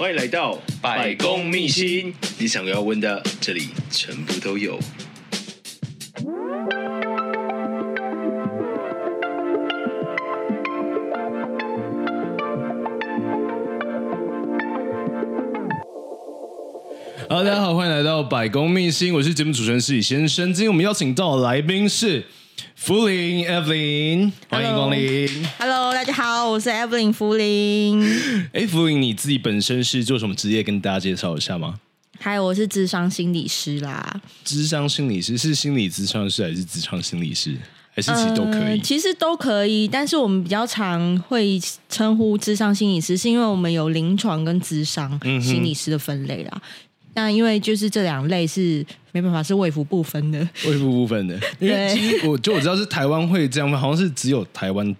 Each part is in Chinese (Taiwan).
歡迎來到百工秘辛，秘你想要問的這裡全部都有。好，大家好，歡迎來到百工秘辛，我是節目主持人失禮先生，今天我們邀請到的來賓是。福琳，Evelyn，歡迎光臨。Hello. Hello，大家好，我是 Evelyn 福琳。哎，福琳，你自己本身是做什麼職業？跟大家介紹一下嗎？嗨，我是諮商心理師啦。諮商心理師是心理諮商師還是諮商心理師？還是其實都可以，呃。其實都可以，但是我們比較常會稱呼諮商心理師，是因為我們有臨床跟諮商心理師的分類啦。嗯但因為就是這兩類是沒辦法是衛福部分的，衛福部分的，因為對我就我知道是台灣會這樣分，好像是只有台灣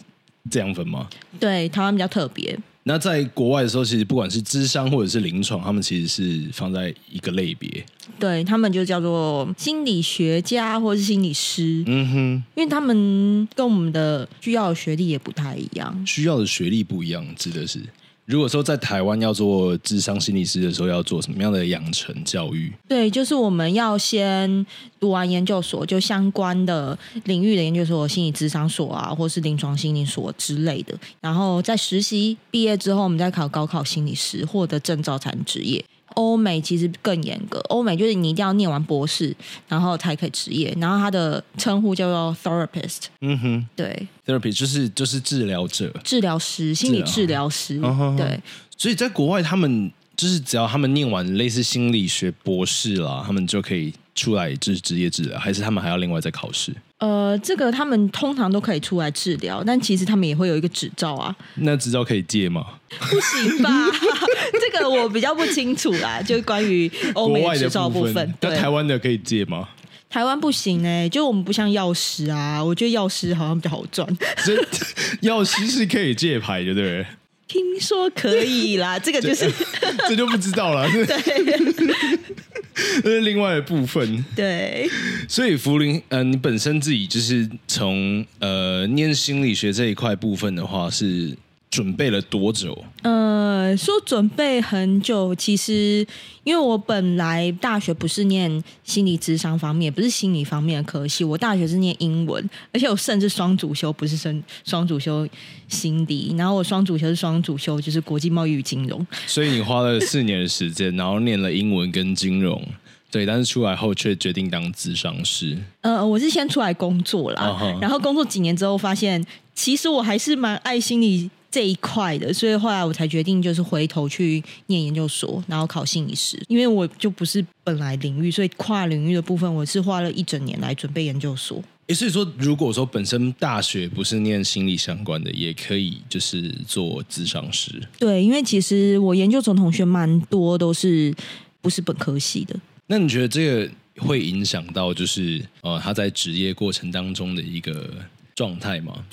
這樣分嗎？對，台灣比較特別。那在國外的時候，其實不管是諮商或者是臨床，他們其實是放在一個類別。對他們就叫做心理學家或者是心理師，嗯哼，因為他們跟我們的需要的學歷也不太一樣。需要的學歷不一樣，指的是。如果說在台灣要做諮商心理師的時候，要做什麼樣的養成教育？對，就是我們要先讀完研究所，就相關的領域的研究所，心理諮商所啊，或是臨床心理所之類的。然後在實習畢業之後，我們再考高考心理師，獲得證照才能執業。歐美其實更嚴格，歐美就是你一定要念完博士，然後才可以執業。然後他的稱呼叫做 therapist，嗯哼，對，therapist 就是就是治療者、治療師、心理治療師，治療，對。所以在國外，他們就是只要他們念完類似心理學博士啦，他們就可以出來就是職業治療，還是他們還要另外再考試？呃，這個他們通常都可以出來治療，但其實他們也會有一個執照啊。那執照可以借嗎？不行吧， 這個我比較不清楚啦、啊。就關於歐美執照部分，部分對。那台灣的可以借嗎？台灣不行哎、欸，就我們不像藥師啊，我覺得藥師好像比較好賺。藥師是可以借牌的，對。聽說可以啦， 這個就是、呃、這就不知道啦， 對，這 是另外一部分。對，所以福林、呃，你本身自己就是從呃念心理學這一塊部分的話是。準備了多久？呃，說準備很久，其實因為我本來大學不是念心理諮商方面，不是心理方面的科系，我大學是念英文，而且我甚至雙主修，不是雙雙主修心理，然後我雙主修是雙主修，就是國際貿易與金融。所以你花了四年的時間， 然後念了英文跟金融，對，但是出來後卻決定當諮商師。呃，我是先出來工作啦， 然後工作幾年之後，發現其實我還是蠻愛心理。這一塊的，所以後來我才決定就是回頭去念研究所，然後考心理師，因為我就不是本來領域，所以跨領域的部分，我是花了一整年來準備研究所。誒、欸，所以說，如果說本身大學不是念心理相關的，也可以就是做諮商師。對，因為其實我研究所同學蠻多都是不是本科系的。那你覺得這個會影響到就是呃他在職業過程當中的一個狀態嗎？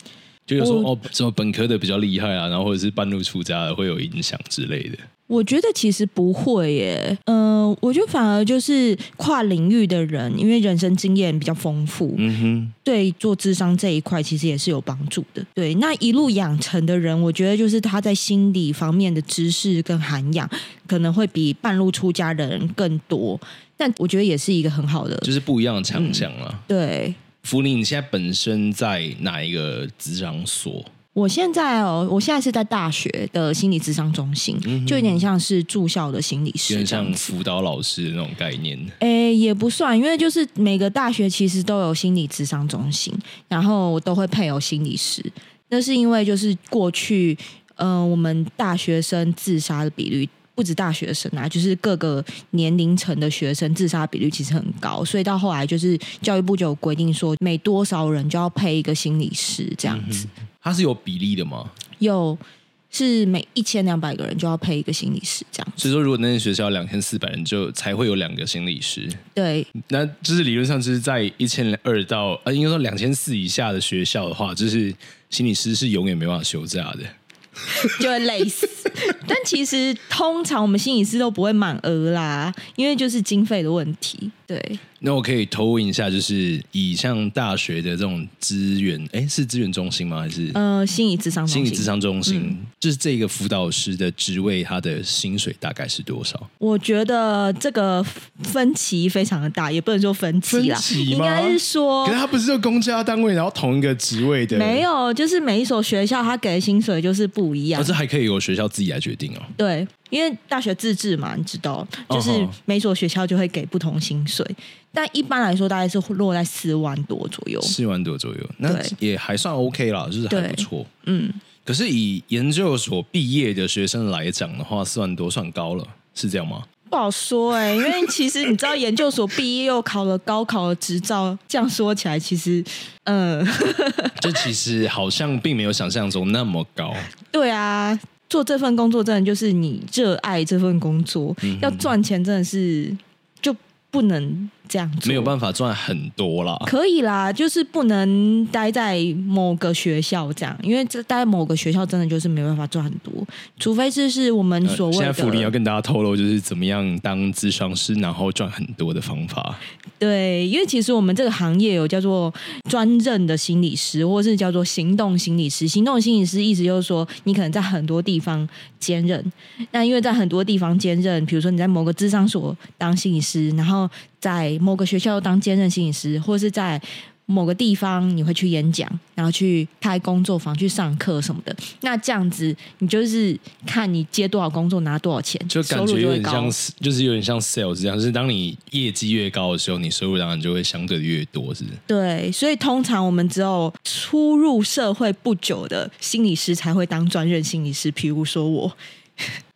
就有說、oh, 哦，什麼本科的比較厲害啊，然後或者是半路出家的會有影響之類的。我覺得其實不會耶，嗯，我覺得反而就是跨領域的人，因為人生經驗比較豐富，嗯哼，對做諮商這一塊其實也是有幫助的。對，那一路養成的人，我覺得就是他在心理方面的知識跟涵養可能會比半路出家的人更多，但我覺得也是一個很好的，就是不一樣的強項了、嗯。對。福琳，你現在本身在哪一個諮商所？我現在哦，我現在是在大學的心理諮商中心，嗯、哼就有點像是駐校的心理師這樣子。有點像輔導老師的那種概念。誒、欸，也不算，因為就是每個大學其實都有心理諮商中心，然後我都會配有心理師。那是因為就是過去，嗯、呃，我們大學生自殺的比率。不止大學生啊，就是各個年齡層的學生自殺比率其實很高，所以到後來就是教育部就有規定說，每多少人就要配一個心理師這樣子。他、嗯、是有比例的嗎？有，是每一千兩百個人就要配一個心理師這樣子。所以說，如果那間學校兩千四百人，就才會有兩個心理師。對，那就是理論上就是在一千二到呃、啊，應該說兩千四以下的學校的話，就是心理師是永遠沒辦法休假的。 就會累死，但其實通常我們心理師都不會滿額啦，因為就是經費的問題。對，那我可以投問一下，就是以像大學的這種資源，哎，是資源中心嗎？還是呃，心理諮商、心理諮商中心，就是這個輔導師的職位，他的薪水大概是多少？我覺得這個分歧非常的大，也不能說分歧啊，分應該是說，可是他不是就公家單位，然後同一個職位的，沒有，就是每一所學校他給的薪水就是不一樣，可是還可以由學校自己來決定哦？對。因為大學自治嘛，你知道，就是每所學校就會給不同薪水，哦、吼但一般來說大概是落在四萬多左右，四萬多左右，那對也還算 OK 啦，就是還不錯。嗯，可是以研究所畢業的學生來講的話，四萬多算高了，是這樣嗎？不好說哎、欸，因為其實你知道，研究所畢業又考了高考的執照， 這樣說起來，其實，嗯，這 其實好像並沒有想象中那麼高。對啊。做這份工作，真的就是你熱愛這份工作；嗯、哼要賺錢，真的是就不能。這樣沒有辦法賺很多啦，可以啦，就是不能待在某個學校這樣，因為這待在某個學校真的就是沒辦法賺很多，除非是我們所謂的、呃、現在福利福琳要跟大家透露，就是怎麼樣當諮商師然後賺很多的方法。對，因為其實我們這個行業有叫做專任的心理師，或者是叫做行動心理師。行動心理師意思就是說，你可能在很多地方兼任，但因為在很多地方兼任，比如說你在某個諮商所當心理師，然後。在某個學校當兼任心理師，或者是在某個地方你會去演講，然後去開工作坊，去上課什麼的。那這樣子，你就是看你接多少工作拿多少錢，就感覺有點像收入越高。就是有點像 sales 這樣，就是當你業績越高的時候，你收入當然就會相對的越多，是不是？對，所以通常我們只有初入社會不久的心理師才會當專任心理師，譬如說我。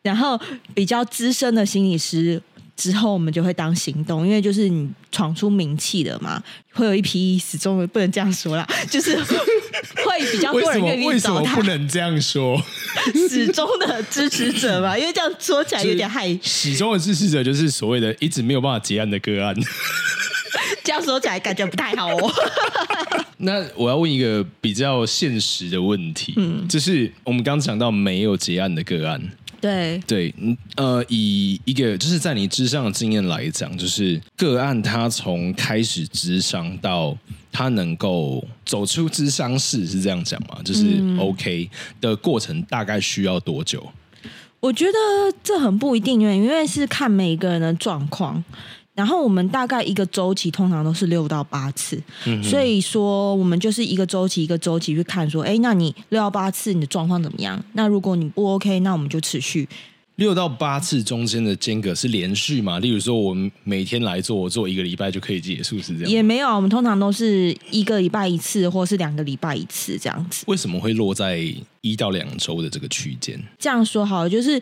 然後，比較資深的心理師。之後我們就會當行動，因為就是你闖出名氣了嘛，會有一批始終不能這樣說啦。就是會比較多人為什麼為什麼不能這樣說？始終的支持者嘛，因為這樣說起來有點害。始終的支持者就是所謂的一直沒有辦法結案的個案，這樣說起來感覺不太好哦。那我要問一個比較現實的問題，嗯，就是我們剛講到沒有結案的個案。對對，嗯呃，以一個就是在你諮商的經驗來講，就是個案他從開始諮商到他能夠走出諮商室，是這樣講嗎？就是 OK 的過程大概需要多久？嗯，我覺得這很不一定，因為因為是看每一個人的狀況。然後我們大概一個周期通常都是六到八次，嗯哼。所以說我們就是一個周期一個周期去看說，哎,那你六到八次你的狀況怎麼樣？那如果你不 OK，那我們就持續六到八次。中間的間隔是連續嘛？例如說我們每天來做，我做一個禮拜就可以結束，是這樣？也沒有，我們通常都是一個禮拜一次，或是兩個禮拜一次這樣子。為什麼會落在一到兩周的這個區間？這樣說好了，就是。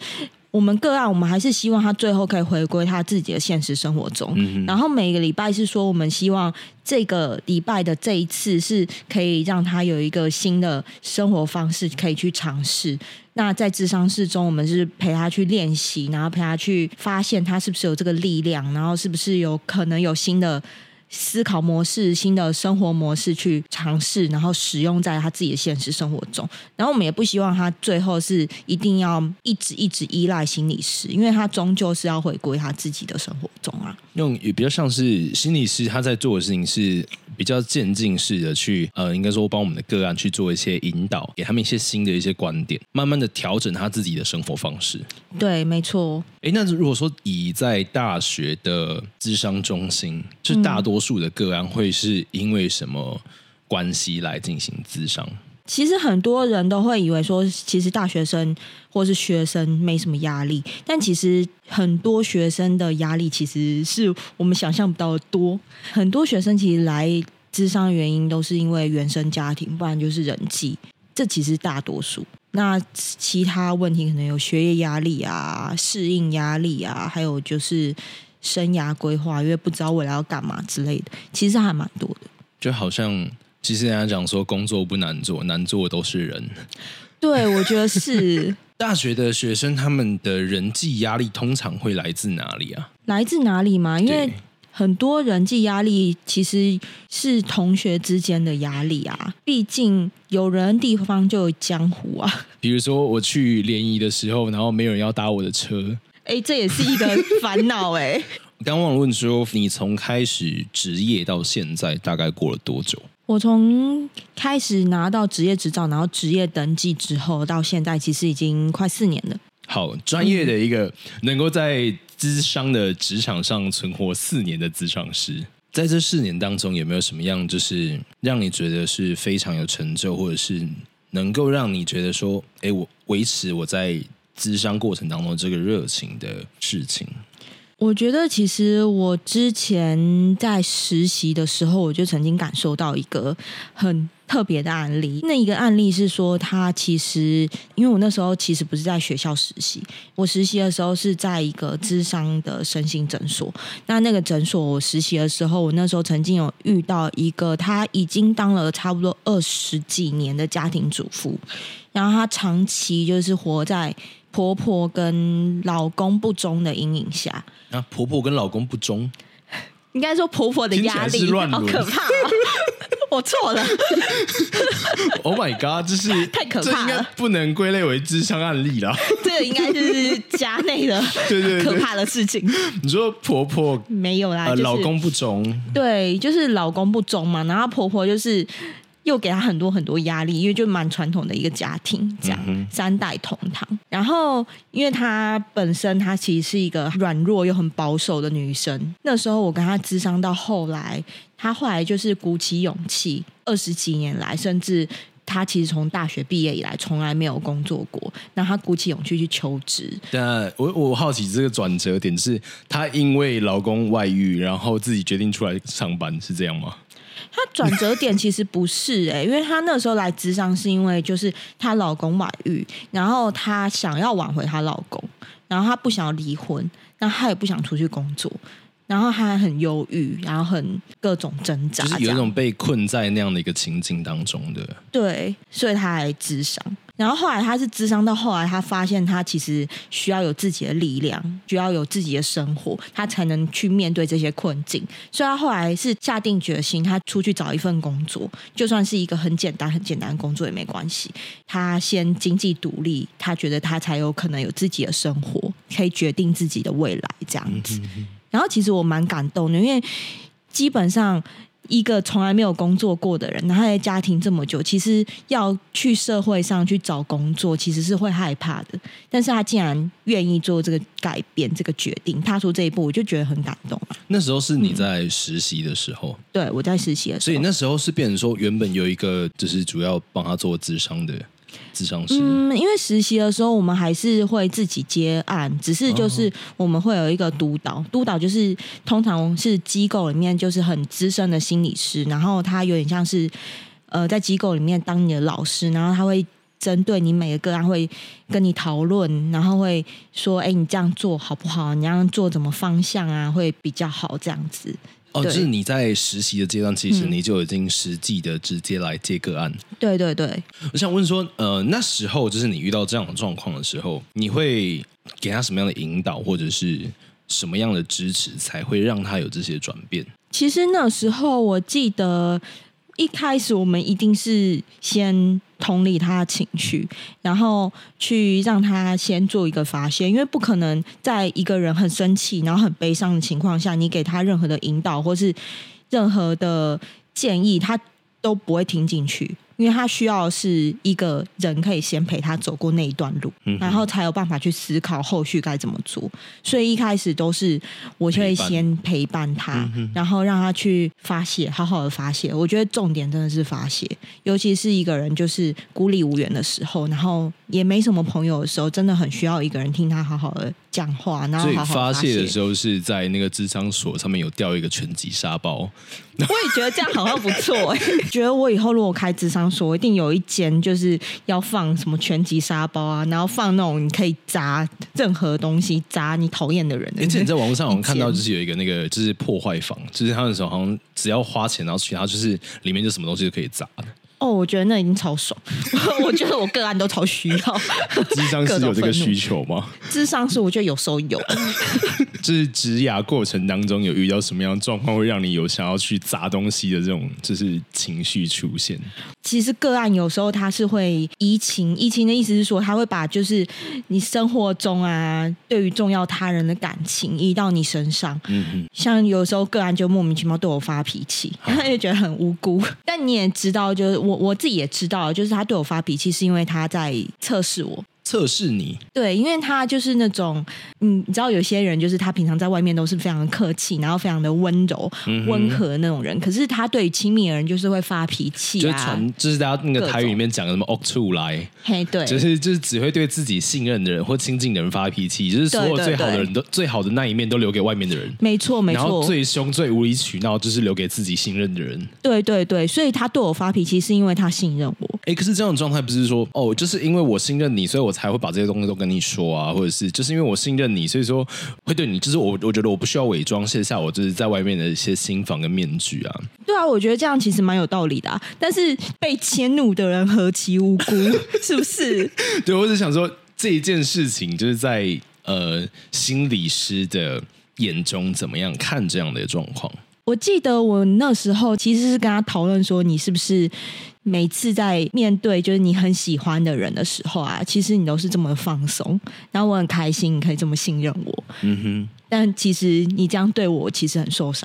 我們個案，我們還是希望他最後可以回歸他自己的現實生活中。嗯、哼然後每個禮拜是說，我們希望這個禮拜的這一次是可以讓他有一個新的生活方式可以去嘗試。那在諮商室中，我們是陪他去練習，然後陪他去發現他是不是有這個力量，然後是不是有可能有新的。思考模式、新的生活模式去嘗試，然後使用在他自己的現實生活中。然後我們也不希望他最後是一定要一直一直依賴心理師，因為他終究是要回歸他自己的生活中啊。用也比較像是心理師他在做的事情是比較漸進式的去，呃，應該說幫我們的個案去做一些引導，給他們一些新的一些觀點，慢慢的調整他自己的生活方式。對，沒錯。哎，那如果說以在大學的諮商中心，就大多數的個案會是因為什麼關係來進行諮商？其實很多人都會以為說，其實大學生或是學生沒什麼壓力，但其實很多學生的壓力其實是我們想象不到的多。很多學生其實來諮商的原因都是因為原生家庭，不然就是人際，這其實大多數。那其他問題可能有學業壓力啊、適應壓力啊，還有就是生涯規劃，因為不知道未來要幹嘛之類的，其實還蠻多的。就好像其實人家講說，工作不難做，難做的都是人。對，我覺得是。 大學的學生他們的人際壓力通常會來自哪裡啊？來自哪裡嘛？因為。很多人際壓力其實是同學之間的壓力啊，畢竟有人地方就有江湖啊。比如說我去聯誼的時候，然後沒有人要搭我的車，哎、欸，這也是一個煩惱哎。我剛 忘了問說，你從開始執業到現在大概過了多久？我從開始拿到執業執照，然後執業登記之後到現在，其實已經快四年了。好，專業的一個、嗯、能夠在。諮商的職場上存活四年的諮商師。在這四年當中，有沒有什麼樣就是讓你覺得是非常有成就，或者是能夠讓你覺得說，哎、欸，我維持我在諮商過程當中這個熱情的事情？我覺得，其實我之前在實習的時候，我就曾經感受到一個很。特別的案例，那一個案例是說，他其實因為我那時候其實不是在學校實習，我實習的時候是在一個諮商的身心診所。那那個診所我實習的時候，我那時候曾經有遇到一個，她已經當了差不多二十幾年的家庭主婦，然後她長期就是活在婆婆跟老公不忠的陰影下。那、啊、婆婆跟老公不忠，應該說婆婆的壓力好可怕、哦。我錯了 ，Oh my god！這是太可怕了，這應該不能歸類為諮商案例了。 這個應該就是家內的可怕的事情。對對對，你說婆婆沒有啦，呃就是、老公不忠？對，就是老公不忠嘛，然後婆婆就是。又給她很多很多壓力，因為就蠻傳統的一個家庭，這樣，嗯、哼三代同堂。然後，因為她本身她其實是一個軟弱又很保守的女生。那時候我跟她諮商到後來，她後來就是鼓起勇氣。二十幾年來，甚至她其實從大學畢業以來，從來沒有工作過。那她鼓起勇氣去求職。但、啊、我我好奇這個轉折點是她因為老公外遇，然後自己決定出來上班，是這樣嗎？她轉折點其實不是哎、欸， 因為她那時候來諮商是因為就是她老公外遇，然後她想要挽回她老公，然後她不想要離婚，然後她也不想出去工作，然後她很憂鬱，然後很各種掙扎，就是有一種被困在那樣的一個情境當中的。對，所以她來諮商。然後後來他是諮商，到後來他發現他其實需要有自己的力量，需要有自己的生活，他才能去面對這些困境。所以他後來是下定決心，他出去找一份工作，就算是一個很簡單、很簡單的工作也沒關係。他先經濟獨立，他覺得他才有可能有自己的生活，可以決定自己的未來，這樣子。然後其實我蠻感動的，因為基本上，一個從來沒有工作過的人，然後在家庭這麼久，其實要去社會上去找工作，其實是會害怕的。但是他竟然願意做這個改變，這個決定，踏出這一步，我就覺得很感動了。那時候是你在實習的時候？嗯、對，我在實習的時候，所以那時候是變成說，原本有一個就是主要幫他做諮商的。諮商師，嗯，因為實習的時候我們還是會自己接案，只是就是我們會有一個督導，督導就是通常是機構裡面就是很資深的心理師，然後他有點像是呃在機構裡面當你的老師，然後他會針對你每個個案會跟你討論，然後會說，哎，你這樣做好不好？你要做什麼方向啊，會比較好這樣子。哦，對就是你在實習的階段，其實你就已經實際的直接來接個案。嗯、對對對，我想問說，呃，那時候就是你遇到這樣的狀況的時候，你會給他什麼樣的引導，或者是什麼樣的支持，才會讓他有這些轉變？其實那時候我記得，一開始我們一定是先。同理他的情緒，然後去讓他先做一個發洩，因為不可能在一個人很生氣、然後很悲傷的情況下，你給他任何的引導或是任何的建議，他都不會聽進去。因為他需要的是一個人可以先陪他走過那一段路，嗯哼。然後才有辦法去思考後續該怎麼做。所以一開始都是我會先陪伴他，陪伴。然後讓他去發泄，好好的發泄。嗯哼。我覺得重點真的是發泄，尤其是一個人就是孤立無援的時候，然後也沒什麼朋友的時候，真的很需要一個人聽他好好的。講話，然後好好發，泄發泄的時候是在那個諮商所上面有吊一個拳擊沙包，我也覺得這樣好像不錯哎、欸， 覺得我以後如果開諮商所，一定有一間就是要放什麼拳擊沙包啊，然後放那種你可以砸任何東西，砸你討厭的人。之前在網絡上好像看到就是有一個那個就是破壞房，千就是他們說好像只要花錢然後去，他就是裡面就什麼東西都可以砸。哦，oh, 我覺得那已經超爽。 我覺得我個案都超需要。諮商師，有這個需求嗎？諮商師，我覺得有時候有。 就是執業過程當中有遇到什麼樣狀況，會讓你有想要去砸東西的這種就是情緒出現？其實個案有時候他是會移情，移情的意思是說他會把就是你生活中啊對於重要他人的感情移到你身上。嗯嗯，哼。像有時候個案就莫名其妙對我發脾氣，然後又覺得很無辜。但你也知道，就是。我我自己也知道，就是他對我發脾氣，是因為他在測試我。測試你。對，因為他就是那種、嗯，你知道有些人就是他平常在外面都是非常的客氣，然後非常的溫柔、嗯、哼溫和的那種人，可是他對親密的人就是會發脾氣、啊，就是就是大家那個台語裡面講什麼“惡種、哦、出來”，嘿，對，就是就是只會對自己信任的人或親近的人發脾氣，就是所有最好的人都對對對最好的那一面都留給外面的人，沒錯，沒錯，然後最凶最無理取鬧就是留給自己信任的人，對對對，所以他對我發脾氣是因為他信任我，哎、欸，可是這種狀態不是說哦，就是因為我信任你，所以我才。才會把這些東西都跟你說啊，或者是就是因為我信任你，所以說會對你，就是我我覺得我不需要偽裝，卸下我就是在外面的一些心防跟面具啊。對啊，我覺得這樣其實蠻有道理的啊。但是被遷怒的人何其無辜， 是不是？對，我是想說這一件事情，就是在呃心理師的眼中怎麼樣看這樣的狀況？我記得我那時候其實是跟他討論說，你是不是？每次在面對就是你很喜歡的人的時候啊，其實你都是這麼放鬆，然後我很開心你可以這麼信任我，嗯哼。但其實你這樣對我其實很受傷，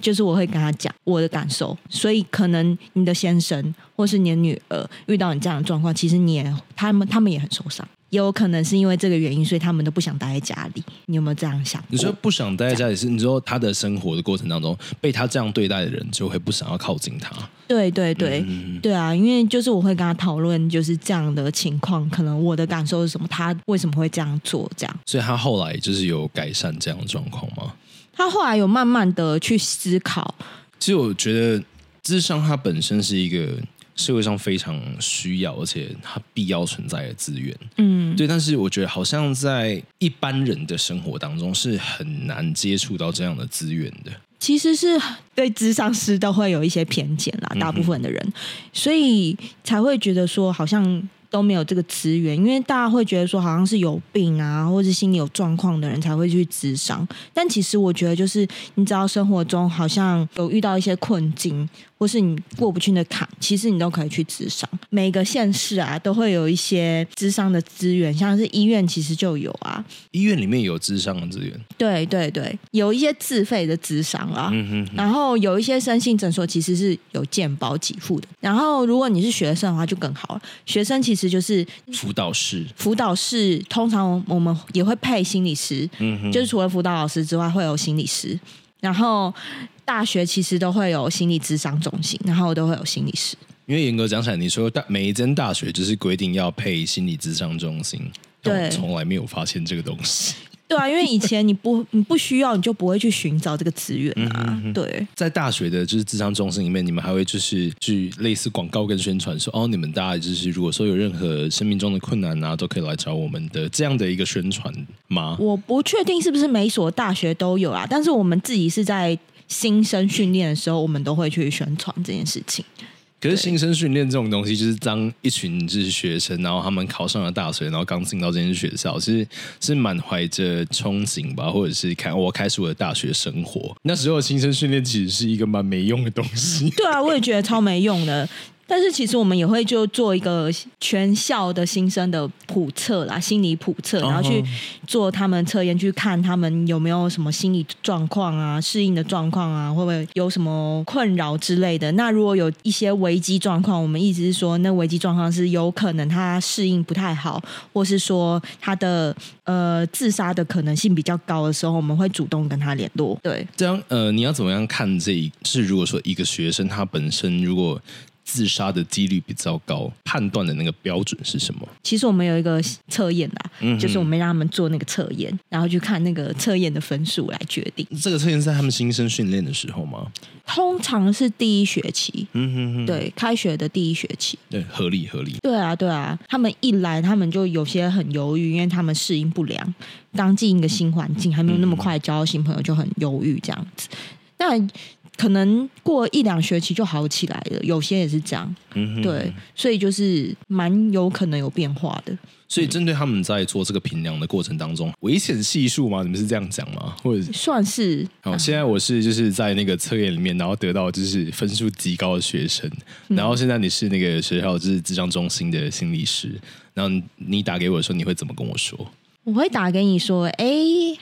就是我會跟他講我的感受，所以可能你的先生或是你的女兒遇到你這樣的狀況，其實你也他們他們也很受傷。也有可能是因為這個原因，所以他們都不想待在家裡。你有沒有這樣想過？你說不想待在家裡是樣你說他的生活的過程當中被他這樣對待的人就會不想要靠近他。對對對、嗯、對啊！因為就是我會跟他討論，就是這樣的情況，可能我的感受是什麼，他為什麼會這樣做，這樣。所以他後來就是有改善這樣的狀況嗎？他後來有慢慢的去思考。其實我覺得諮商它本身是一個。社會上非常需要，而且它必要存在的資源，嗯，對。但是我覺得，好像在一般人的生活當中，是很難接觸到這樣的資源的。其實是對諮商師都會有一些偏見啦，大部分的人，嗯、哼所以才會覺得說，好像都沒有這個資源。因為大家會覺得說，好像是有病啊，或者心理有狀況的人才會去諮商。但其實我覺得，就是你知道，生活中好像有遇到一些困境。或是你過不去的坎，其實你都可以去諮商。每個縣市啊，都會有一些諮商的資源，像是醫院其實就有啊。醫院裡面有諮商的資源。對對對，有一些自費的諮商啊，嗯、哼哼然後有一些身心診所其實是有健保給付的。然後如果你是學生的話，就更好了。學生其實就是輔導室，輔導室通常我們也會配心理師，嗯、哼就是除了輔導老師之外，會有心理師。然後。大學其實都會有心理諮商中心，然後都會有心理師。因為嚴格講起來，你說大每一間大學就是規定要配心理諮商中心，對，從來沒有發現這個東西。對啊，因為以前你不 你不需要，你就不會去尋找這個資源啊。嗯哼嗯哼對，在大學的就是諮商中心裡面，你們還會就是去類似廣告跟宣傳說，哦，你們大家就是如果說有任何生命中的困難啊，都可以來找我們的這樣的一個宣傳嗎？我不確定是不是每一所大學都有啊，但是我們自己是在。新生訓練的時候，我們都會去宣傳這件事情。可是新生訓練這種東西，就是當一群就是學生，然後他們考上了大學，然後剛進到這間學校，是是滿懷着憧憬吧，或者是看我開始我的大學生活。那時候的新生訓練其實是一個蠻沒用的東西。對啊，我也覺得超沒用的。 但是其實我們也會就做一個全校的新生的普測啦，心理普測，然後去做他們測驗，去看他們有沒有什麼心理狀況啊、適應的狀況啊，會不會有什麼困擾之類的。那如果有一些危機狀況，我們意思是說，那危機狀況是有可能他適應不太好，或是說他的呃自殺的可能性比較高的時候，我們會主動跟他聯絡。對，這樣呃，你要怎麼樣看這一？這是如果說一個學生他本身如果。自殺的幾率比較高，判斷的那個標準是什麼？其實我們有一個測驗啦，嗯、哼就是我們讓他們做那個測驗，然後去看那個測驗的分數來決定。這個測驗是在他們新生訓練的時候嗎？通常是第一學期，嗯嗯對，開學的第一學期，對，合理合理。對啊對啊，他們一來，他們就有些很猶豫，因為他們適應不良，剛進一個新環境，還沒有那麼快交到新朋友，就很猶豫這樣子。那、嗯哼可能過一兩學期就好起來了，有些也是這樣。嗯、哼對，所以就是蠻有可能有變化的。所以針對他們在做這個評量的過程當中，嗯、危險係數嗎？你們是這樣講嗎？或者算是？好，嗯、現在我是就是在那個測驗裡面，然後得到就是分數極高的學生，然後現在你是那個學校就是諮商中心的心理師，然後你打給我說，你會怎麼跟我說？我會打給你說，哎，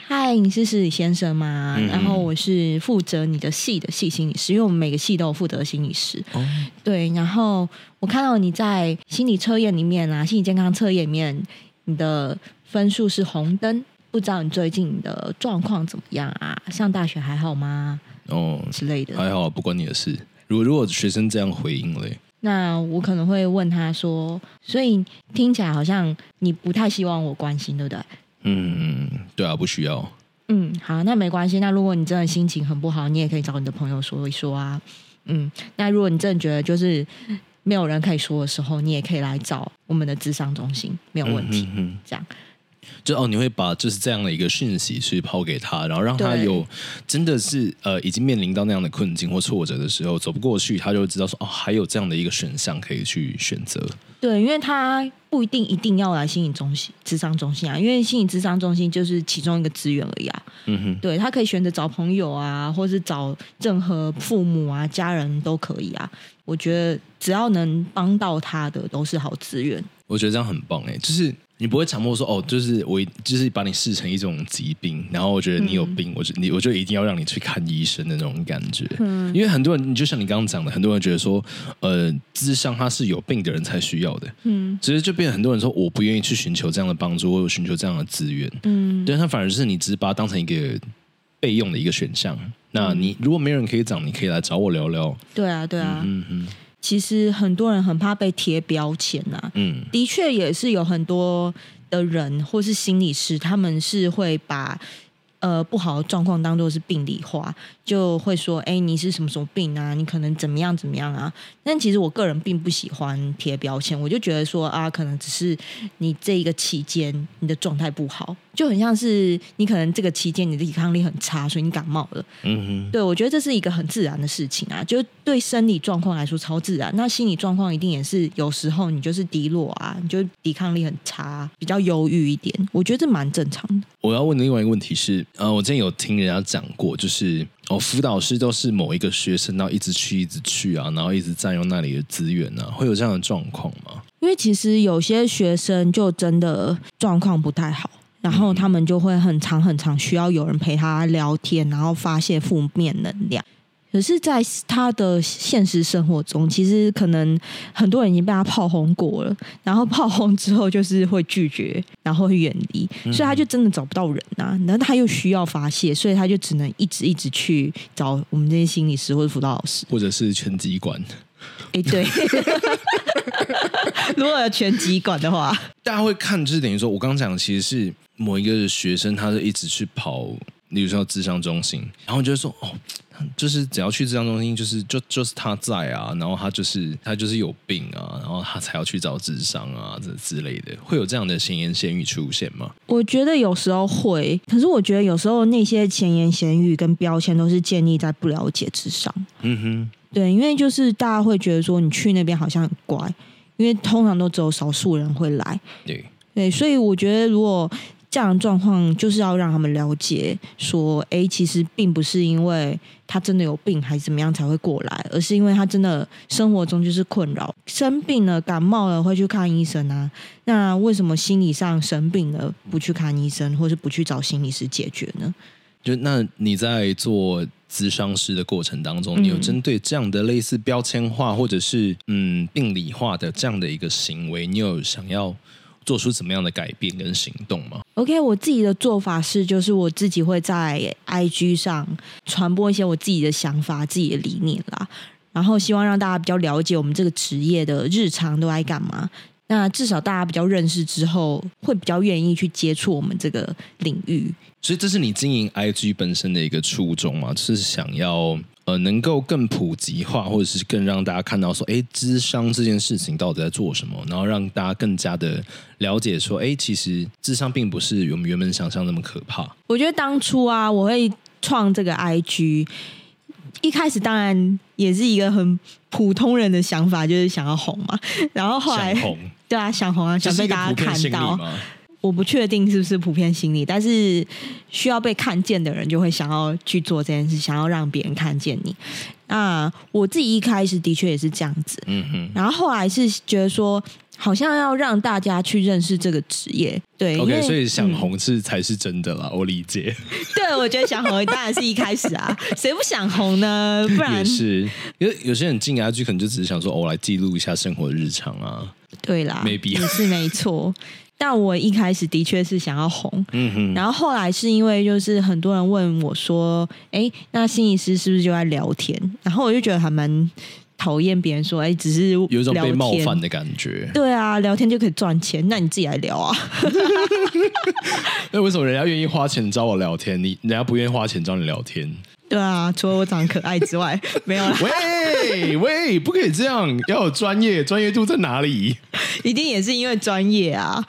嗨，你是失禮先生嗎？然後我是負責你的系的系心理師，因為我們每個系都有負責的心理師。哦、對，然後我看到你在心理測驗裡面啊，心理健康測驗裡面，你的分數是紅燈，不知道你最近你的狀況怎麼樣啊？上大學還好嗎？哦之類的，還好，不關你的事。如果如果學生這樣回應嘞。那我可能會問他說，所以聽起來好像你不太希望我關心，對不對？嗯，對啊，不需要。嗯，好，那沒關係。那如果你真的心情很不好，你也可以找你的朋友說一說啊。嗯，那如果你真的覺得就是沒有人可以說的時候，你也可以來找我們的諮商中心，沒有問題。嗯哼哼，這樣。就哦，你會把就是這樣的一個訊息去拋給他，然後讓他有真的是對呃，已經面臨到那樣的困境或挫折的時候，走不過去，他就會知道說哦，還有這樣的一個選項可以去選擇。對，因為他不一定一定要來心理中心、諮商中心啊，因為心理諮商中心就是其中一個資源而已啊。嗯哼，對他可以選擇找朋友啊，或是找任何父母啊、嗯、家人都可以啊。我覺得只要能幫到他的都是好資源。我覺得這樣很棒哎、欸，就是。你不會強迫說哦，就是我就是把你視成一種疾病，然後我覺得你有病，嗯、我就你我就一定要讓你去看醫生的那種感覺。嗯，因為很多人，你就像你剛剛講的，很多人覺得說，呃，諮商它是有病的人才需要的。嗯，其實就變成很多人說，我不願意去尋求這樣的幫助，或者尋求這樣的資源。嗯，對，他反而是你只把它當成一個備用的一個選項。嗯、那你如果沒人可以講，你可以來找我聊聊。對啊，對啊。嗯嗯。嗯嗯其實很多人很怕被貼標籤吶，啊，嗯，的確也是有很多的人或是心理師，他們是會把呃不好的狀況當做是病理化，就會說哎，你是什麼什麼病啊，你可能怎麼樣怎麼樣啊。但其實我個人並不喜歡貼標籤，我就覺得說啊，可能只是你這一個期間你的狀態不好。就很像是你可能這個期間你的抵抗力很差，所以你感冒了。嗯哼。對，我覺得這是一個很自然的事情啊，就對生理狀況來說超自然。那心理狀況一定也是有時候你就是低落啊，你就抵抗力很差，比較憂鬱一點。我覺得這蠻正常的。我要問另外一個問題是，是呃，我之前有聽人家講過，就是哦，輔導師都是某一個學生然後一直去一直去啊，然後一直占用那裡的資源啊，會有這樣的狀況嗎？因為其實有些學生就真的狀況不太好。然後他們就會很長很長，需要有人陪他聊天，然後發洩負面能量。可是，在他的現實生活中，其實可能很多人已經被他炮轟過了，然後炮轟之後就是會拒絕，然後遠離，所以他就真的找不到人啊。然後他又需要發洩，所以他就只能一直一直去找我們這些心理師或者輔導老師，或者是拳擊館。哎、欸，對， 如果要全集管的話，大家會看，就是等於說，我剛剛講其實是某一個學生，他是一直去跑，例如說諮商中心，然後就是說，哦，就是只要去諮商中心，就是，就是就就是他在啊，然後他就是他就是有病啊，然後他才要去找諮商啊，這之類的，會有這樣的閒言閒語出現嗎？我覺得有時候會，可是我覺得有時候那些閒言閒語跟標籤都是建立在不了解諮商。嗯哼。對，因為就是大家會覺得說你去那邊好像很乖，因為通常都只有少數人會來。對對，所以我覺得如果這樣的狀況，就是要讓他們了解說，欸，其實並不是因為他真的有病還是怎麼樣才會過來，而是因為他真的生活中就是困擾，生病了，感冒了會去看醫生啊。那為什麼心理上生病了不去看醫生，或是不去找心理師解決呢？就那你在做？諮商師的過程當中，你有針對這樣的類似標籤化或者是嗯病理化的這樣的一個行為，你有想要做出什麼樣的改變跟行動嗎？OK，我自己的做法是，就是我自己會在 IG 上傳播一些我自己的想法、自己的理念啦，然後希望讓大家比較了解我們這個職業的日常都愛幹嘛。那至少大家比較認識之後，會比較願意去接觸我們這個領域。所以這是你經營 IG 本身的一個初衷嘛，就是想要呃能夠更普及化，或者是更讓大家看到說，哎、欸，諮商這件事情到底在做什麼，然後讓大家更加的了解說，哎、欸，其實諮商並不是我們原本想象那麼可怕。我覺得當初啊，我會創這個 IG，一開始當然也是一個很普通人的想法，就是想要紅嘛， 然後後來紅。對啊，想紅啊，想被大家看到。我不確定是不是普遍心理，但是需要被看見的人就會想要去做這件事，想要讓別人看見你。那、啊、我自己一開始的確也是這樣子，嗯哼。然後後來是覺得說，好像要讓大家去認識這個職業，對。OK，因為所以想紅是、嗯、才是真的啦，我理解。對，我覺得想紅當然是一開始啊，誰 不想紅呢？不然也是因為有，有些人進 IG，可能就只是想說，我來記錄一下生活的日常啊。對啦，沒必要，是沒錯。那我一開始的確是想要紅，嗯、哼然後後來是因為就是很多人問我說：“哎、欸，那心理師是不是就在聊天？”然後我就覺得還蠻討厭別人說：“哎、欸，只是有一種被冒犯的感覺。”對啊，聊天就可以賺錢，那你自己來聊啊。 那為什麼人家願意花錢找我聊天，你人家不願意花錢找你聊天？對啊，除了我長得可愛之外，沒有。喂 喂，不可以這樣，要有專業，專業度在哪裡？一定也是因為專業啊。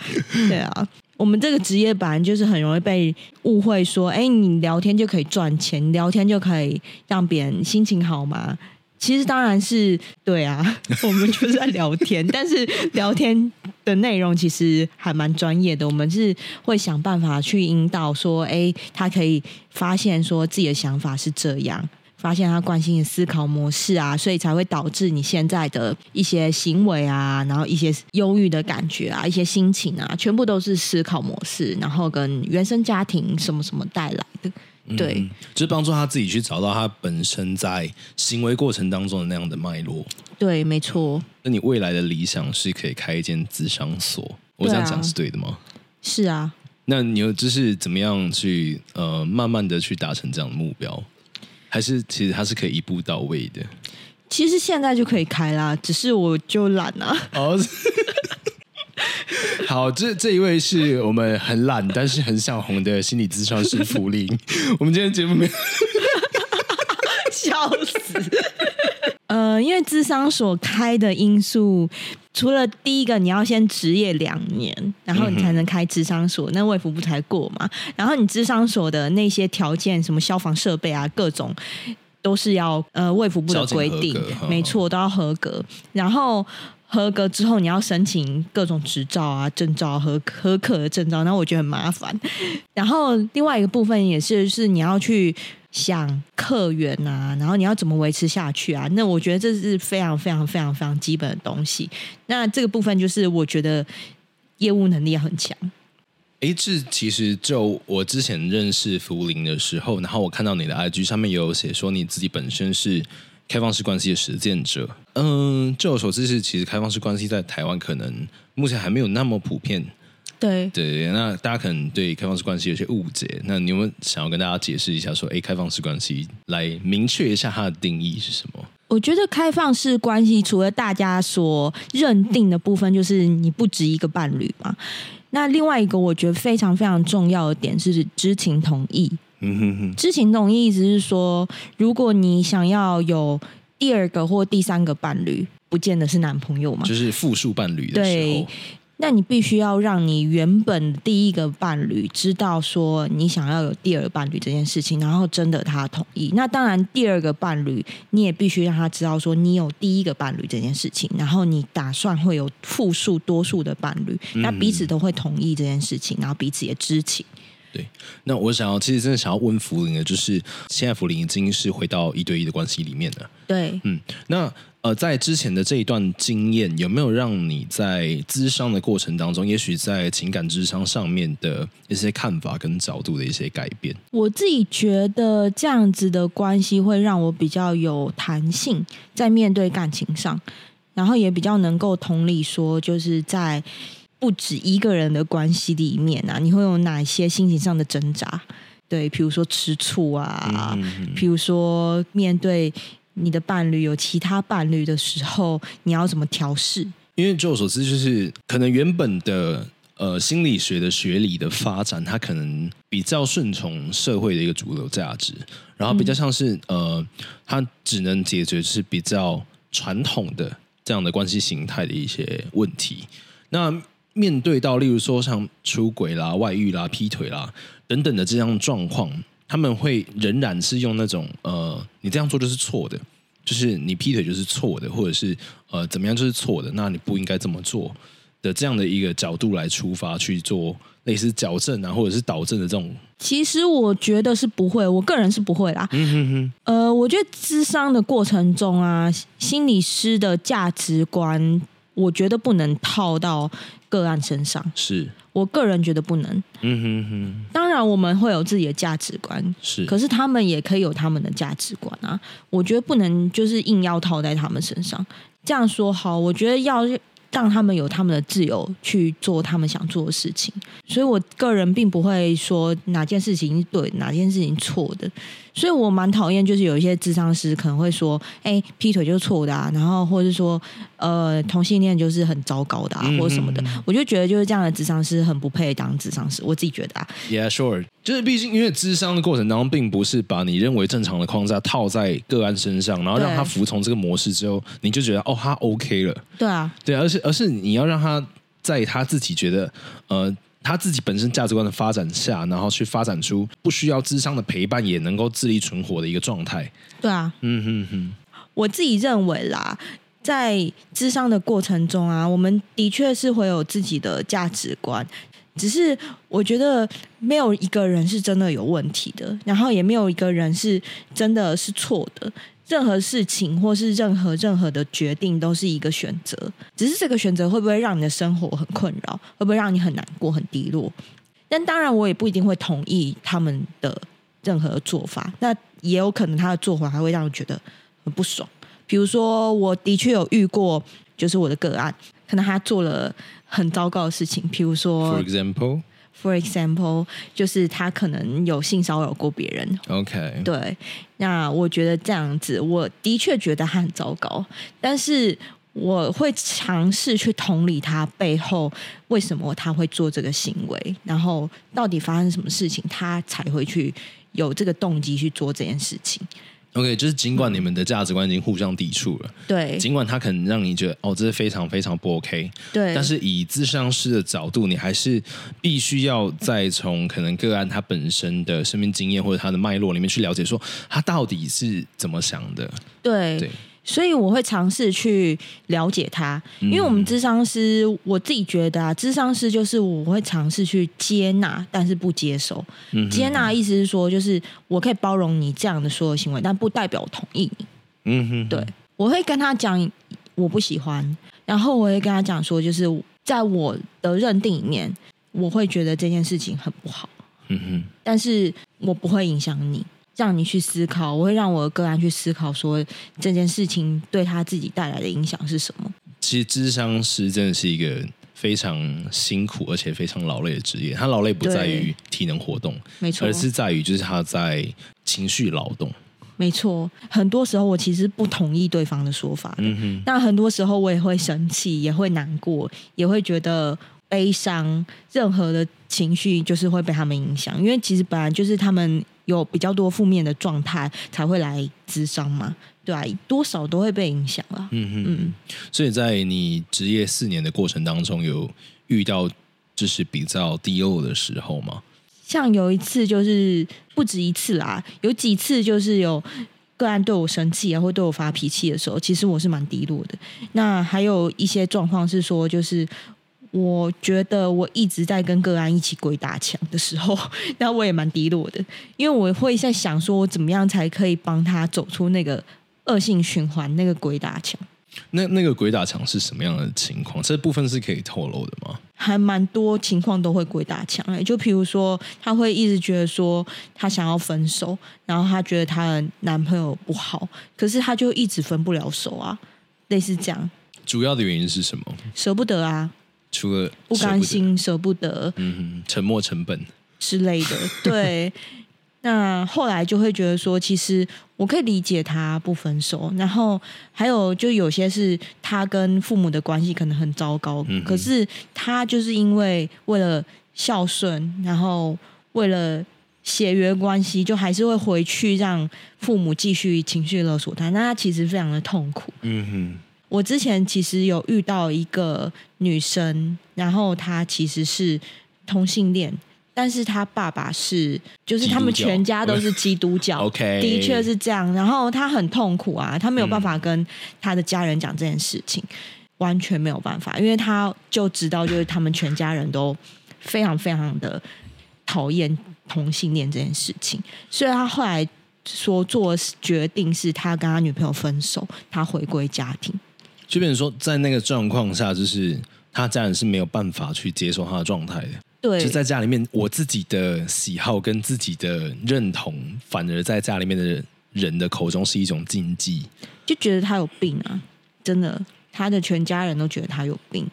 對啊， 我們這個職業本來就是很容易被誤會說，說、欸、哎，你聊天就可以賺錢，聊天就可以讓別人心情好嗎？其實當然是對啊，我們就是在聊天， 但是聊天的內容其實還蠻專業的。我們是會想辦法去引導說，哎，他可以發現說自己的想法是這樣，發現他慣性的思考模式啊，所以才會導致你現在的一些行為啊，然後一些憂鬱的感覺啊，一些心情啊，全部都是思考模式，然後跟原生家庭什麼什麼帶來的。嗯、對，就是幫助他自己去找到他本身在行為過程當中的那樣的脈絡。對，沒錯。那你未來的理想是可以開一間諮商所，啊、我這樣講是對的嗎？是啊。那你又就是怎麼樣去呃慢慢的去達成這樣的目標？還是其實他是可以一步到位的？其實現在就可以開啦，只是我就懶啊。哦 好，這這一位是我們很懶但是很想紅的心理諮商師福琳。我們今天節目沒有笑死。呃，因為諮商所開的因素，除了第一個你要先執業兩年，然後你才能開諮商所。嗯、哼那衛福部才過嘛，然後你諮商所的那些條件，什麼消防設備啊，各種都是要呃衛福部的規定，沒錯，都要合格。然後，合格之後，你要申請各種執照啊、證照和苛刻的證照，那我覺得很麻煩。然後另外一個部分也是，就是你要去想客源啊，然後你要怎麼維持下去啊？那我覺得這是非常非常非常非常非常基本的東西。那這個部分就是我覺得業務能力也很強。哎，這其實就我之前認識福琳的時候，然後我看到你的 IG 上面有寫說你自己本身是。開放式關係的實踐者，嗯，就我所知是，其實開放式關係在台灣可能目前還沒有那麼普遍。對，對，那大家可能對開放式關係有些誤解，那你有沒有想要跟大家解釋一下，說，哎，開放式關係來明確一下它的定義是什麼？我覺得開放式關係除了大家所認定的部分，就是你不止一個伴侶嘛。那另外一個我覺得非常非常重要的點是知情同意。知情同意意思是說，如果你想要有第二個或第三個伴侶，不見得是男朋友嘛，就是複數伴侶的時候。對，那你必須要讓你原本第一個伴侶知道說你想要有第二個伴侶這件事情，然後徵得他同意。那當然，第二個伴侶你也必須讓他知道說你有第一個伴侶這件事情，然後你打算會有複數、多數的伴侶，那彼此都會同意這件事情，然後彼此也知情。對，那我想要，其實真的想要問福林的，就是現在福林已經是回到一對一的關係裡面了。對，嗯，那呃，在之前的這一段經驗，有沒有讓你在諮商的過程當中，也許在情感諮商上面的一些看法跟角度的一些改變？我自己覺得這樣子的關係會讓我比較有彈性在面對感情上，然後也比較能夠同理說，就是在。不止一個人的關係裡面啊，你會有哪些心情上的掙扎？對，比如說吃醋啊，嗯嗯、比如說面對你的伴侶有其他伴侶的時候，你要怎麼調適？因為據我所知，就是可能原本的呃心理學的學理的發展，它可能比較順從社會的一個主流價值，然後比較像是、嗯、呃，它只能解決是比較傳統的這樣的關係形態的一些問題。那面對到例如說像出軌啦、外遇啦、劈腿啦等等的這樣狀況，他們會仍然是用那種呃，你這樣做就是錯的，就是你劈腿就是錯的，或者是呃怎麼樣就是錯的，那你不應該這麼做的這樣的一個角度來出發去做類似矯正啊或者是導正的這種。其實我覺得是不會，我個人是不會啦。嗯哼哼，呃，我覺得諮商的過程中啊，心理師的價值觀，我覺得不能套到。個案身上，是我個人覺得不能。嗯哼哼，當然我們會有自己的價值觀，是。可是他們也可以有他們的價值觀啊。我覺得不能就是硬要套在他們身上。這樣說好，我覺得要讓他們有他們的自由去做他們想做的事情。所以我個人並不會說哪件事情是對，哪件事情錯的。所以我蠻討厭，就是有一些諮商師可能會說，哎、欸，劈腿就是錯的啊，然後或者說，呃，同性戀就是很糟糕的啊，嗯嗯或者什麼的。我就覺得，就是這樣的諮商師很不配當諮商師。我自己覺得啊。Yeah, sure. 就是畢竟，因為諮商的過程當中，並不是把你認為正常的框架套在個案身上，然後讓他服從這個模式之後，對你就覺得哦，他 OK 了。對啊。對，而是而是你要讓他在他自己覺得，呃。他自己本身價值觀的發展下，然後去發展出不需要諮商的陪伴也能夠自立存活的一個狀態。對啊，嗯嗯嗯，我自己認為啦，在諮商的過程中啊，我們的確是會有自己的價值觀，只是我覺得沒有一個人是真的有問題的，然後也沒有一個人是真的是錯的。任何事情，或是任何任何的決定，都是一個選擇。只是這個選擇會不會讓你的生活很困擾，會不會讓你很難過、很低落？但當然，我也不一定會同意他們的任何的做法。那也有可能他的做法還會讓你覺得很不爽。比如說，我的確有遇過，就是我的個案，可能他做了很糟糕的事情，譬如說。For example For example，就是他可能有性騷擾過別人。OK，對，那我覺得這樣子，我的確覺得他很糟糕。但是我會嘗試去同理他背後為什麼他會做這個行為，然後到底發生什麼事情，他才會去有這個動機去做這件事情。OK，就是儘管你們的價值觀已經互相抵觸了，嗯、對，儘管他可能讓你覺得哦，這是非常非常不 OK，對，但是以諮商師的角度，你還是必須要再從可能個案他本身的生命經驗或者他的脈絡裡面去了解，說他到底是怎麼想的，對。對所以我會嘗試去了解他，因為我們諮商師，我自己覺得啊，諮商師就是我會嘗試去接納，但是不接受。嗯哼。接納意思是說，就是我可以包容你這樣的所有行為，但不代表我同意你。嗯哼，對我會跟他講，我不喜歡，然後我會跟他講說，就是在我的認定裡面，我會覺得這件事情很不好。嗯哼，但是我不會影響你。讓你去思考，我會讓我的個案去思考說，說這件事情對他自己帶來的影響是什麼。其實，諮商師真的是一個非常辛苦而且非常勞累的職業。他勞累不在於體能活動，沒錯，而是在於就是他在情緒勞動。沒錯，很多時候我其實不同意對方的說法的，嗯哼。但很多時候我也會生氣，也會難過，也會覺得悲傷，任何的情緒就是會被他們影響，因為其實本來就是他們。有比較多負面的狀態才會來諮商嘛？對啊，多少都會被影響了。嗯嗯哼嗯，所以在你職業四年的過程當中，有遇到就是比較低落的時候嗎？像有一次就是不止一次啦，有幾次就是有個案對我生氣啊，或對我發脾氣的時候，其實我是蠻低落的。那還有一些狀況是說，就是。我覺得我一直在跟個案一起鬼打牆的時候，那我也蠻低落的，因為我會在想，說我怎麼樣才可以幫他走出那個惡性循環，那個鬼打牆。那那個鬼打牆是什麼樣的情況？這部分是可以透露的嗎？還蠻多情況都會鬼打牆哎，就比如說，他會一直覺得說他想要分手，然後他覺得他的男朋友不好，可是他就一直分不了手啊，類似這樣。主要的原因是什麼？捨不得啊。除了不，不甘心、捨不得，嗯哼，沉沒成本之類的，對。 那後來就會覺得說，其實我可以理解他不分手。然後還有，就有些是他跟父母的關係可能很糟糕，嗯、哼可是他就是因為為了孝順，然後為了血緣關係，就還是會回去讓父母繼續情緒勒索他。那他其實非常的痛苦，嗯哼。我之前其實有遇到一個女生，然後她其實是同性戀，但是她爸爸是，就是他們全家都是基督教，OK，的確是這樣。然後她很痛苦啊，她沒有辦法跟他的家人講這件事情，嗯、完全沒有辦法，因為他就知道，就是他們全家人都非常非常的討厭同性戀這件事情，所以他後來說做決定是，他跟他女朋友分手，他回歸家庭。就比如說，在那個狀況下，就是他家人是沒有辦法去接受他的狀態的。對，就在家裡面，我自己的喜好跟自己的認同，反而在家裡面的人的口中是一種禁忌，就覺得他有病啊！真的，他的全家人都覺得他有病，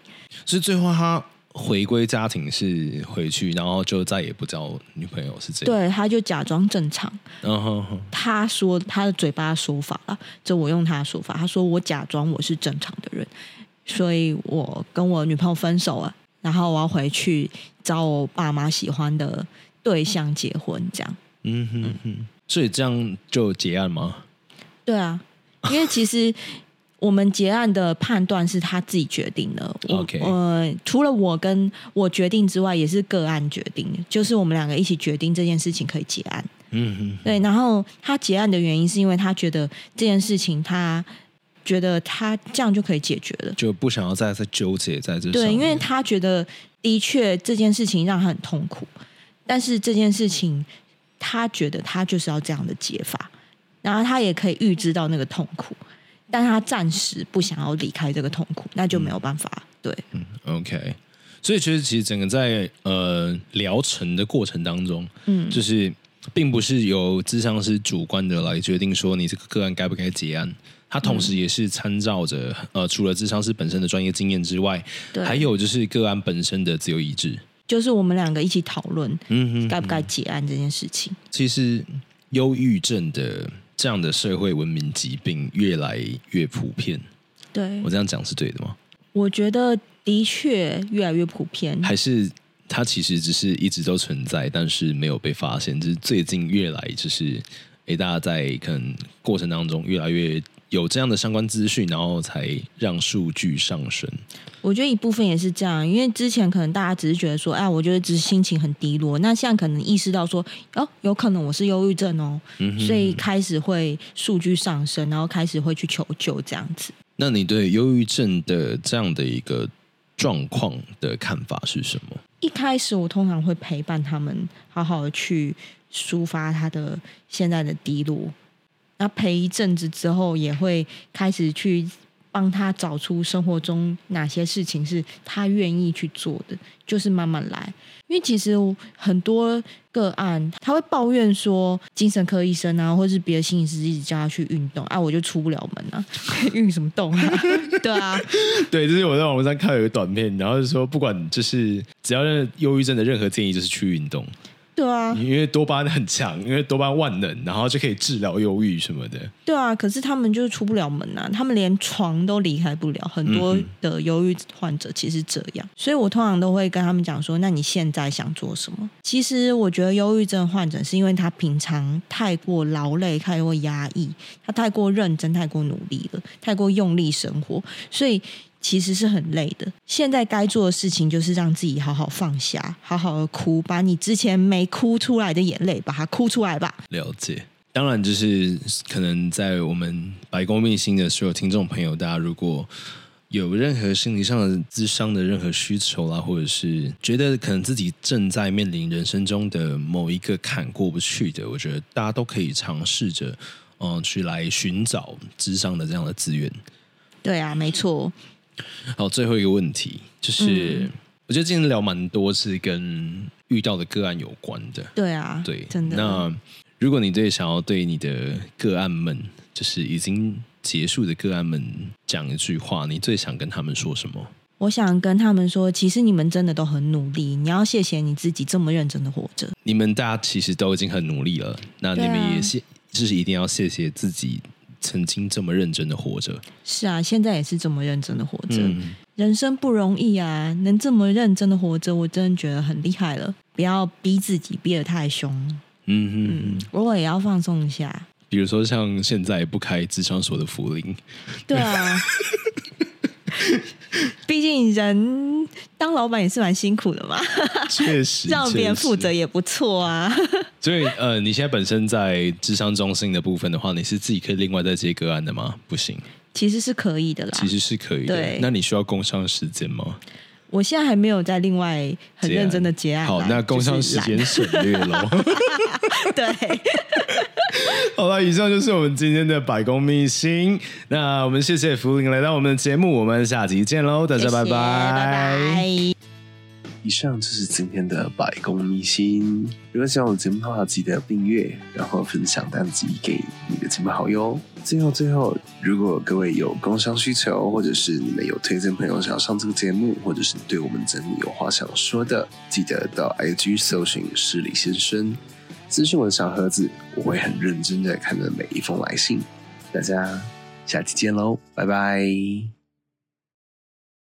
所以最後他，回歸家庭是回去，然後就再也不找女朋友是這樣。對，他就假裝正常。然後、哦、他說他的嘴巴的說法了，就我用他的說法，他說，我假裝我是正常的人，所以我跟我女朋友分手了、啊，然後我要回去找我爸媽喜歡的對象結婚，這樣。嗯哼哼，所以這樣就結案嗎？對啊，因為其實。 我們結案的判斷是他自己決定的。我 Okay.、呃、除了我跟我決定之外，也是個案決定，就是我們兩個一起決定這件事情可以結案。嗯、mm，hmm. 對。然後他結案的原因是因為他覺得這件事情，他覺得他這樣就可以解決了，就不想要再再糾結在這。對，因為他覺得的確這件事情讓他很痛苦，但是這件事情他覺得他就是要這樣的解法，然後他也可以預知到那個痛苦。但他暫時不想要離開這個痛苦，那就沒有辦法。嗯、對，okay. 所以，其實，其實整個在呃療程的過程當中，嗯，就是並不是由諮商師主觀的來決定說你這個個案該不該結案，他同時也是參照着、嗯、呃，除了諮商師本身的專業經驗之外，對還有就是個案本身的自由意志。就是我們兩個一起討論，嗯,哼嗯哼，該不該結案這件事情。其實，憂鬱症的。這樣的社會文明疾病越來越普遍，對，我這樣講是對的嗎？我覺得的確越來越普遍，還是它其實只是一直都存在，但是沒有被發現，就是最近越來就是，哎，大家在可能過程當中越來越。有這樣的相關資訊，然後才讓數據上升。我覺得一部分也是這樣，因為之前可能大家只是覺得說，哎、啊，我覺得只是心情很低落。那現在可能意識到說，哦，有可能我是憂鬱症哦，嗯、哼所以開始會數據上升，然後開始會去求救這樣子。那你對憂鬱症的這樣的一個狀況的看法是什麼？一開始我通常會陪伴他們，好好的去抒發他的現在的低落。他陪一陣子之後，也會開始去幫他找出生活中哪些事情是他願意去做的，就是慢慢來。因為其實很多個案他會抱怨說，精神科醫生啊，或者是別的心理師一直叫他去運動，啊，我就出不了門啊， 運什麼動啊？ 對啊，對，這，就是我在網上看有一個短片，然後就說，不管就是只要是憂鬱症的任何建議，就是去運動。對啊，因，因為多巴胺很強，因為多巴胺萬能，然後就可以治療憂鬱什麼的。對啊，可是他們就是出不了門啊，他們連床都離開不了。很多的憂鬱患者其實這樣，嗯嗯。所以我通常都會跟他們講說：“那你現在想做什麼？”其實我覺得憂鬱症患者是因為他平常太過勞累、太過壓抑、他太過認真、太過努力了、太過用力生活，所以。其實是很累的。現在該做的事情就是讓自己好好放下，好好的哭，把你之前沒哭出來的眼淚，把它哭出來吧。了解。當然，就是可能在我們百工秘辛的所有聽眾朋友，大家如果有任何心理上的諮商的任何需求啦，或者是覺得可能自己正在面臨人生中的某一個坎過不去的，我覺得大家都可以嘗試着，嗯，去來尋找諮商的這樣的資源。對啊，沒錯。好，最後一個問題就是，嗯、我覺得今天聊蠻多是跟遇到的個案有關的。對啊，對，真的。那如果你對想要對你的個案們，就是已經結束的個案們講一句話，你最想跟他們說什麼？我想跟他們說，其實你們真的都很努力，你要謝謝你自己這麼認真的活着。你們大家其實都已經很努力了，那你們也是，啊、就是一定要謝謝自己。曾經這麼認真的活着，是啊，現在也是這麼認真的活着。嗯、人生不容易啊，能這麼認真的活着，我真的覺得很厲害了。不要逼自己逼得太凶，嗯哼哼嗯，偶爾也要放鬆一下。比如說像現在不開智商所的福琳，對啊。 畢竟人當老闆也是蠻辛苦的嘛，確實讓別人負責也不錯啊。所以呃，你現在本身在諮商中心的部分的話，你是自己可以另外再接個案的嗎？不行，其實是可以的了，其實是可以的。對那你需要工商時間嗎？我現在還沒有在另外很認真的接案，案，好，那工商時間省略了 對。 好了，以上就是我們今天的百工秘辛。那我們謝謝福林來到我們的節目，我們下集見嘍，大家拜拜！謝謝，拜拜！以上就是今天的百工秘辛。如果喜歡我們節目的話，記得訂閱，然後分享單集給你的親朋好友。最後最後，如果各位有工商需求，或者是你們有推薦朋友想要上這個節目，或者是對我們節目有話想說的，記得到 IG 搜尋“失禮先生”。私信我的小盒子，我會很認真地看着每一封來信。大家下期見嘍，拜拜。